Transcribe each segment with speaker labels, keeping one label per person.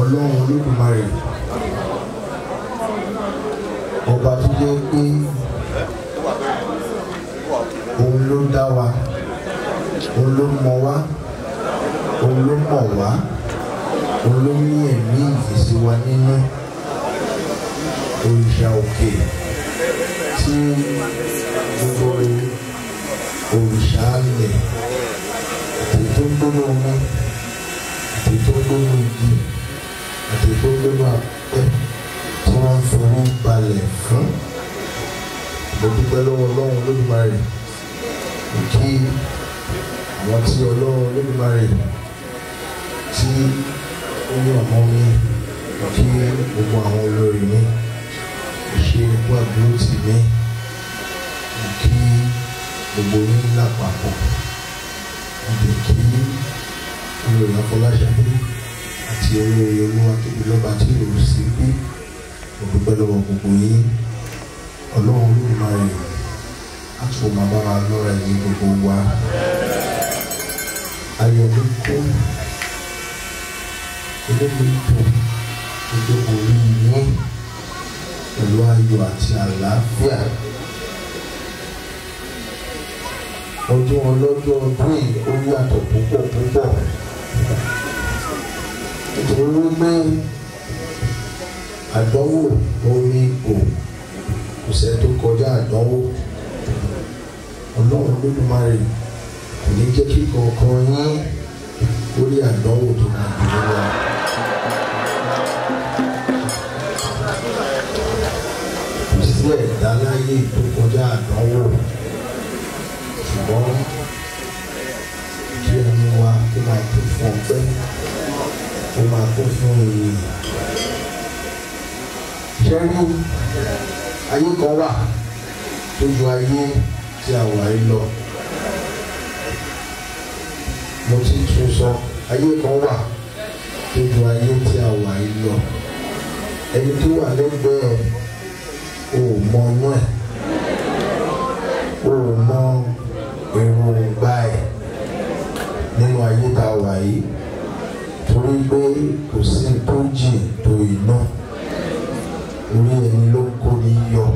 Speaker 1: ọlọ́run olódùmarè ọba tó jẹ́ pé òun ló dá wa òun ló mọ wa òun ló mọ̀ wá òun ló ní ẹ̀mí ìfèsì wa nínú òrìṣà òkè tí gbogbo òrìṣà lẹ̀ ètò gbogbo omi. ó gbọ́dọ̀ pẹ́ tí wọ́n ń forí balẹ̀ fún. mo dúpẹ́ lọ́wọ́ ọlọ́run olódùmarè kí àwọn tí ọlọ́run olódùmarè tí ó ní ọmọ mi kí gbogbo àwọn olórí mi ṣe gbogbo àdúró tì mí kí gbogbo yín lápapọ̀ àti kí olórí Afọláṣadé àti olórí olúwa tóbi lọ́ba tí ò sí kú òdúpẹ́ lọ́wọ́ gbogbo yín ọlọ́run olódùmarè àtúwò máa bá wa lọ́ra ẹ̀yìn gbogbo wa ayọ̀ ló kó olóògbé dùn gbogbo orí yín pẹ̀lú ayọ̀ àti àlàáfíà ọdún ọlọ́dún ọdún yìí ó yàtọ̀ púpọ̀ púpọ̀ nítorí wípé àdánwò orí ipò kò sẹ́ tó kọjá àdánwò ọlọ́run lódùmarè kò ní jẹ́ kí kankan yín orí àdánwò tó máa dùn ún lọ. kò sí funfun yìí ṣẹ́rí ayé kan wà tó ju ayé tí a wà yìí lọ mo ti tún sọ ayé kan wà tó ju ayé tí a wà yìí lọ ẹni tó wà lẹ́gbẹ̀ẹ́ ò mọ inú ẹ̀ ò mọ èròǹgbà ẹ̀ nínú ayé tá a wà yìí wípé kò sí tó jìn tó iná orí ẹni ló ń kó ní yọ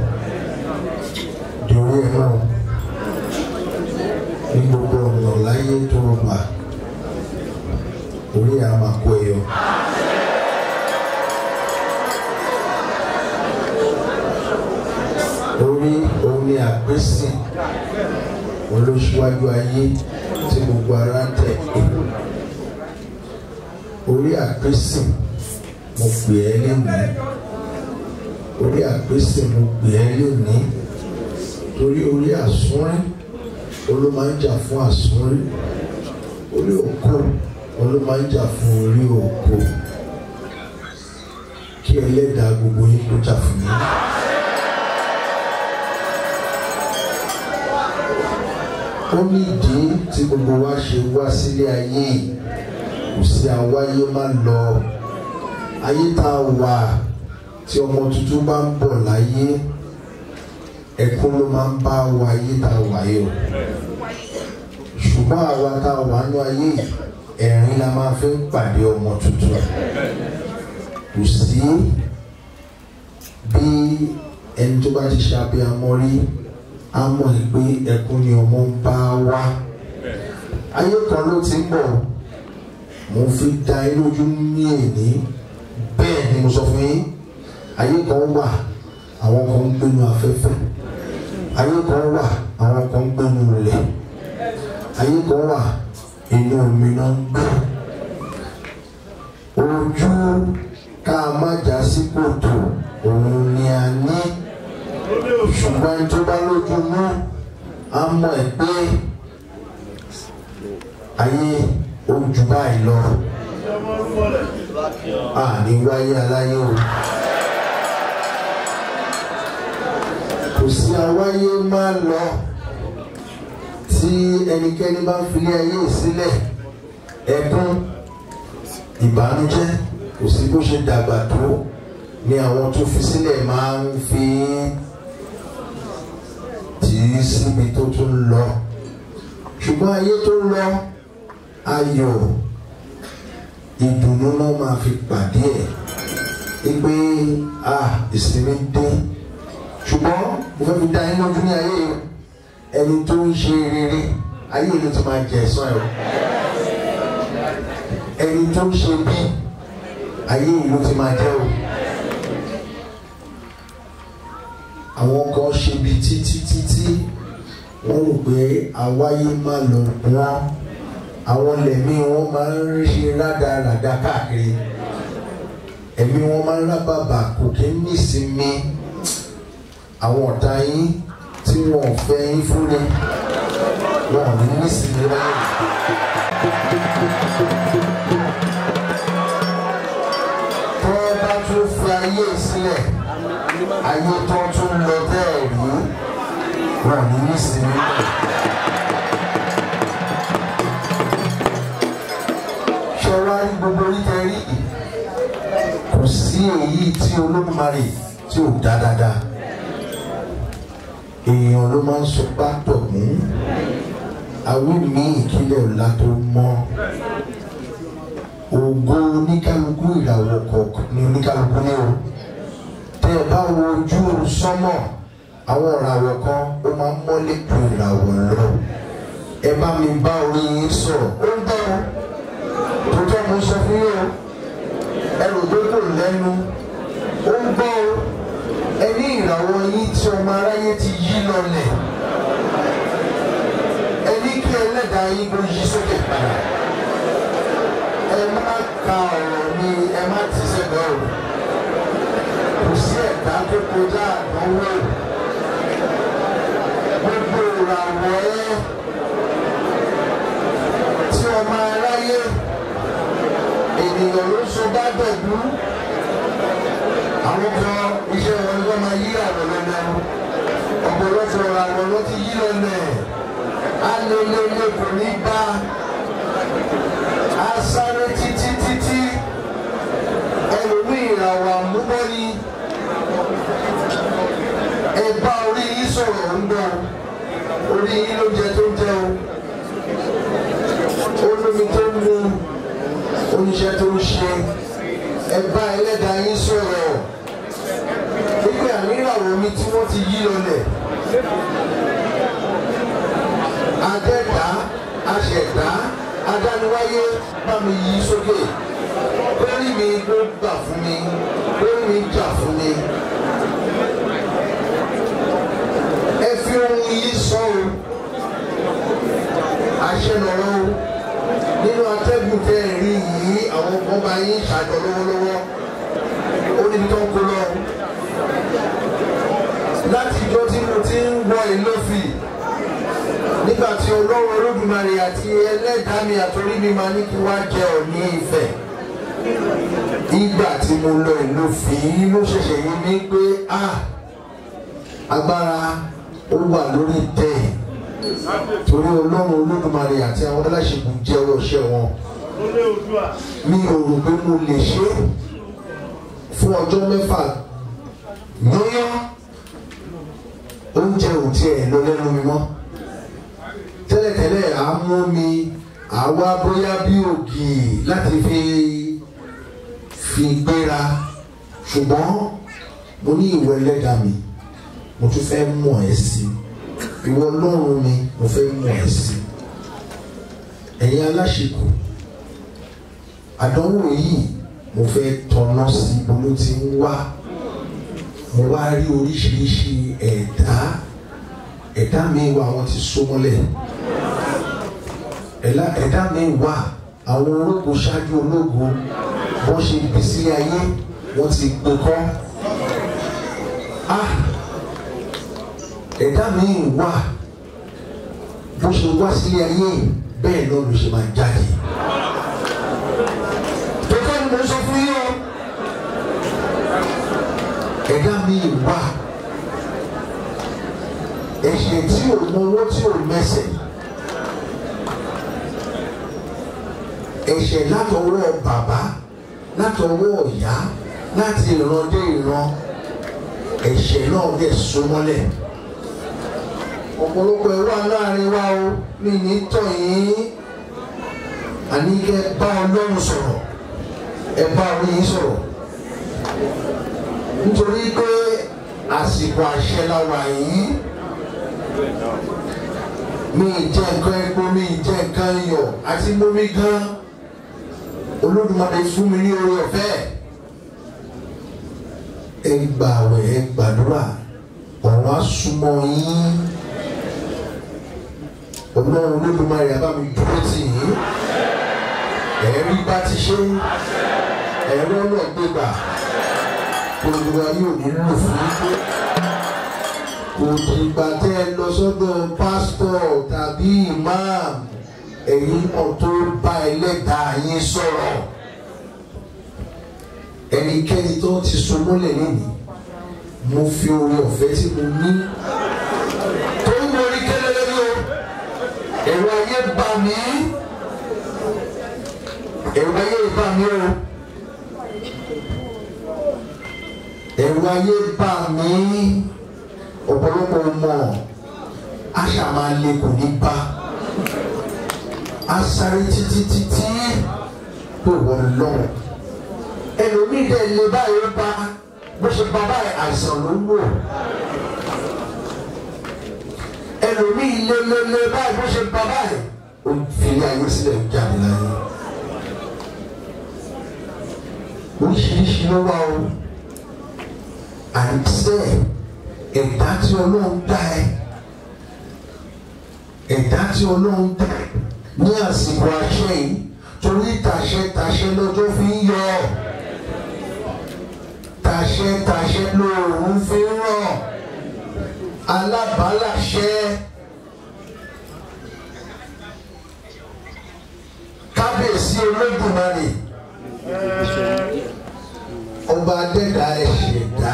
Speaker 1: dorí ẹ náà ní gbogbo ọ̀nà láyé tó rọgbà orí ẹ máa kó ẹ yọ. orí òun ni àpèsè olóṣùwájú ayé tí gbogbo ara ń tẹ̀ orí àpèsè mo pè ẹ́ lónìí orí àpèsè mo pè ẹ́ lónìí torí orí àsúnrín olú máa ń jà fún àsúnrín orí òkú olú máa ń jà fún orí òkú kí ẹlẹ́dàá gbogbo yín kó jà fún yín. ó ní ìdí tí gbogbo wa ṣe wá sílé ayé yìí kù sí àwáyé má lọ ayé tá a wà tí ọmọ tuntun bá ń bọ̀ láyé ẹkún ló máa ń bá wa ayé tá a wà yìí o ṣùgbọ́n àwa tá a wà nínú ayé ẹ̀rín la máa fi ń pàdé ọmọ tuntun kò sí bí ẹni tó bá ti ṣe abiyamọ rí á mọ̀ pé ẹkún ni ọmọ ń bá wa ayé kan ló ti ń bọ̀ mo fi da inú ojú ní èní bẹ́ẹ̀ ni mo sọ fún yín ayé kan wà àwọn kan ń gbénu afẹ́fẹ́ ayé kan wà àwọn kan ń gbénu ilẹ̀ ayé kan wà inú omi náà ń gbé ojú ká má já sí kòtò òun ni a ní ṣùgbọ́n ẹni tó bá lójú mú á mọ̀ ẹ́ ayé ó ju báyìí lọ àní wáyé aláyé o kò sí awáyé má lọ tí ẹnikẹ́ni bá filé ayé sílẹ̀ ẹ̀kún ìbànújẹ́ kò sí bó ṣe dàgbà tó ni àwọn tó fi sílẹ̀ máa ń fi tì í síbi tó tún lọ ṣùgbọ́n ayé tó lọ ayọ̀ ìdùnnú náà máa fi pàdé ẹ̀ wípé a ìsinmi dé ṣùgbọ́n mo fẹ́ fi dá yín lójú ní ayé ẹni tó ń ṣe rere ayé ìlú tó máa jẹ ẹ̀sán ẹ̀ o ẹni tó ń ṣe bí ayé ìlú tó máa jẹ o àwọn kan ṣe bí títí títí wọ́n rò pé àwáyé má lọ rárá àwọn lẹ̀mí wọn máa ń ṣe rádaràda káàkiri ẹ̀mí wọn máa ń rábàbà kò kí ń nísinmi àwọn ọ̀tá yín tí wọn ò fẹ́ yín fún ni wọn ò ní nísinmi láyé. tẹ́ ẹ bá tún fi ayé sílẹ̀ ayé tó tún lọ bẹ́ẹ̀ rí wọn ò ní nísinmi láyé. tẹ́ra rí gbogbo orí tẹ́ rí kò sí èyí tí Olódùmarè tí ò dá dáadáa èèyàn ló máa ń sọ pátọ̀ mú àwọn mi ìkílẹ̀ ọ̀la tó mọ́ ògo oníkálukú ìràwọ̀ kọ̀ọ̀kan ni oníkálukú ní o tẹ́ ẹ bá wo ojú sánmọ̀ àwọn ìràwọ̀ kan ó máa ń mọ́lé ju ìràwọ̀ lọ ẹ bá mi bá orin yín sọ̀rọ̀ ó ń bá wọn òótọ́ mo sọ fún yín o ẹrù tó kò lẹ́nu ó ń gbọ́ o ẹni ìràwọ̀ yín tí ọmọ aráyé ti yí lọlẹ̀ ẹni kí ẹlẹ́dàá yín kó yí sókè padà ẹ má ka ọ̀rọ̀ mi ẹ má ti sẹ́gbẹ́ o kò sí ẹ̀dá tó kọjá àdánwò gbogbo ìràwọ̀ ẹ. ènìyàn ló so bá bẹ̀dú àwọn kan iṣẹ́ wọn ló máa yí àwọn lọ́nà ọ̀pọ̀lọpọ̀ àwọn ló ti yí lọ́nà á lé lé lé kò ní bá a sáré títí títí ẹlòmíì ìràwọ̀ àmúbọ́ ni ẹ bá orí yìí sọ̀rọ̀ ń dán orí yìí ló jẹ tó. iṣẹ́ tó ń ṣe ẹ ẹlẹ́dàá yín sọ̀rọ̀ nígbà níràwọ̀ mi tí wọ́n ti yí lọlẹ̀ adẹ́dá aṣẹ̀dá adániwáyé bá mi yí sókè lórí mi ló gbà fún mi lórí mi jà fún mi. àti olówó olódùmarè àti ẹlẹ́dàá mi àtòrí mi máa ní kí wá jẹ Ọọ̀ni Ifẹ̀ nígbà tí mo lọ ìlú fìyí ló ṣẹ̀ṣẹ̀ yé mi pé agbára ó wà lórí tẹ̀ torí ọlọ́run olódùmarè àti àwọn aláṣẹ́gun jẹ́ ọṣẹ́ wọn mi ò rò pé mo lè ṣe fún ọjọ́ mẹ́fà yányán oúnjẹ ò tiẹ̀ lọ lẹ́nu mi mọ́ tẹ́lẹ̀tẹ́lẹ̀ à ń mú mi àwa bóyá bí ògì láti fi fi gbéra ṣùgbọ́n mo ní ìwọ ẹlẹ́dà mi mo tún fẹ́ mọ̀ ẹ́ sí ìwọ ọlọ́run mi mo fẹ́ mọ̀ ẹ́ sí ẹ̀yin aláṣekù àdánwò yìí mo fẹ́ tọ́nà sí ibi ló ń wá mo wá rí oríṣiríṣi ẹ̀dá. E ẹ̀dá mi wà àwọn ti so mọ́lẹ̀ ẹ̀dá mi wà àwọn ológun ṣáájú ológun wọ́n ṣe ibi sílé ayé wọ́n ti gbẹ̀kọ́ ah! ẹ̀dá mi wà bó ṣe wá sílé ayé bẹ́ẹ̀ lọ́nu ṣe máa jáde. mo sọ fún ẹ̀dá mi wà ẹ̀ṣẹ̀ tí ò mọwọ́ tí ò mẹsẹ̀ ẹ̀ṣẹ̀ látọwọ́ bàbá látọwọ́ ìyá láti ìran dé ìran ẹ̀ṣẹ̀ náà dẹ̀ so mọ́lẹ̀ ọ̀pọ̀lọpọ̀ wà láàrin wa o mi ní tàn yín àní kẹ́ bá ọlọ́run sọ̀rọ̀ ẹ bá oyin sọ̀rọ̀ nítorí pé àsìkò àṣẹ la wà mi jẹ nǹkan epo mi jẹ nǹkan iyọ̀ àti lómi gan olódùmarè fún mi ní orí ọ̀fẹ́ ẹ gbà àwẹ̀ ẹ gbàdúrà ọ̀rọ̀ á súnmọ́ yín ọlọ́run olódùmarè àbámi dúró tì yín ẹ̀rí bá ti ṣe ẹ̀rọ náà gbégbà gbogbo ayé ò ní lò fún yín kò dìgbà tẹ́ ẹ lọ sọ́dọ̀ pásítọ̀ tàbí imam ẹ̀yin kan tó bá ẹlẹ́dàá yín sọ̀rọ̀ ẹnikẹ́ni tó ti so mọ́lẹ̀ lónìí mo fi oore ọ̀fẹ́ tí mo ní tó ń borí kéléré ní o ẹ̀rọ bá mi ẹ̀rọ ayé bá mi o ẹ̀rọ ayé bá mi ọ̀pọ̀lọpọ̀ mọ̀ á ṣàmà lè kò ní bá á sáré títí títí tó wọ́n lọ́wọ́ ẹlòmíì dẹ̀ lè báyìí ó bá bó ṣe bá báyìí àìsàn ló ń wò ẹlòmíì lè lè lè báyìí bó ṣe bá báyìí ó fi ayé sílẹ̀ jáde láyé oríṣiríṣi ló wà o àìsẹ́ẹ̀ ẹ̀dá tí ọlọ́run dá ẹ ẹ̀dá tí ọlọ́run dá ẹ ní àsìkò àṣẹ yìí torí tàṣẹ tàṣẹ lọ́jọ́ fi ń yọ tàṣẹ tàṣẹ lóòrùn fi ń rọ̀ alábàálàṣẹ. kábíyèsí olódùmarè ọba adẹ́dàá ẹ̀ṣẹ̀dá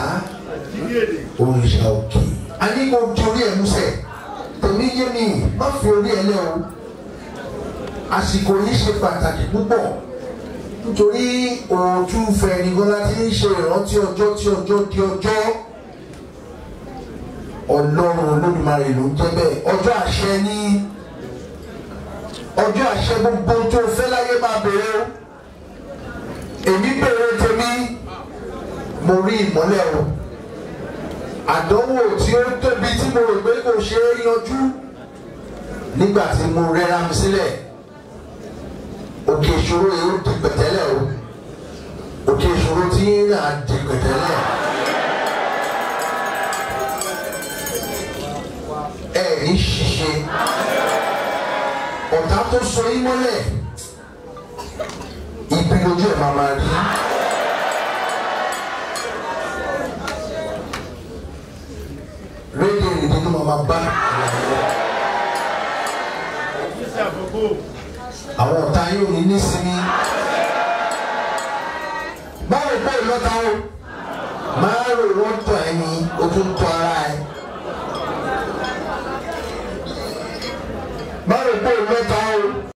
Speaker 1: òrìṣà òkè a ní kó di orí ẹ̀ músẹ̀ tèmi yé mi má fi orí ẹ̀ lẹ́ o àsìkò yìí ṣe pàtàkì púpọ̀ nítorí òòtú fẹ̀yìngàn láti ń ṣe ìrántí ọjọ́ tí ọjọ́ di ọjọ́ ọlọ́run olódùmarè ló ń jẹ́ bẹ́ẹ̀ ọjọ́ àṣẹ ní ọjọ́ àṣẹ gbogbo tó fẹ́ láyé máa bèrè o èmi bèrè tèmi mo rí ìmọ́lẹ̀ o àdánwò tí ó tóbi tí mo rò pé kò ṣeé yanjú nígbà tí mo rẹra mi sílẹ̀ òkè ìṣòro yìí ó di pẹ̀tẹ́lẹ̀ o òkè ìṣòro tí yín náà di pẹ̀tẹ́lẹ̀. ẹ ní ṣíṣe ọ̀tá tó so yín mọ́lẹ̀ ìpinnu ojú ẹ̀ máa máa rí. ọlọ́run máa bá àwọn ọ̀tá yóò ní nísìnyí báwo pé ìlọ́ta o máa rò lọ́tọ̀ ẹni o tún tọ́ ara ẹ báwo pé ìlọ́ta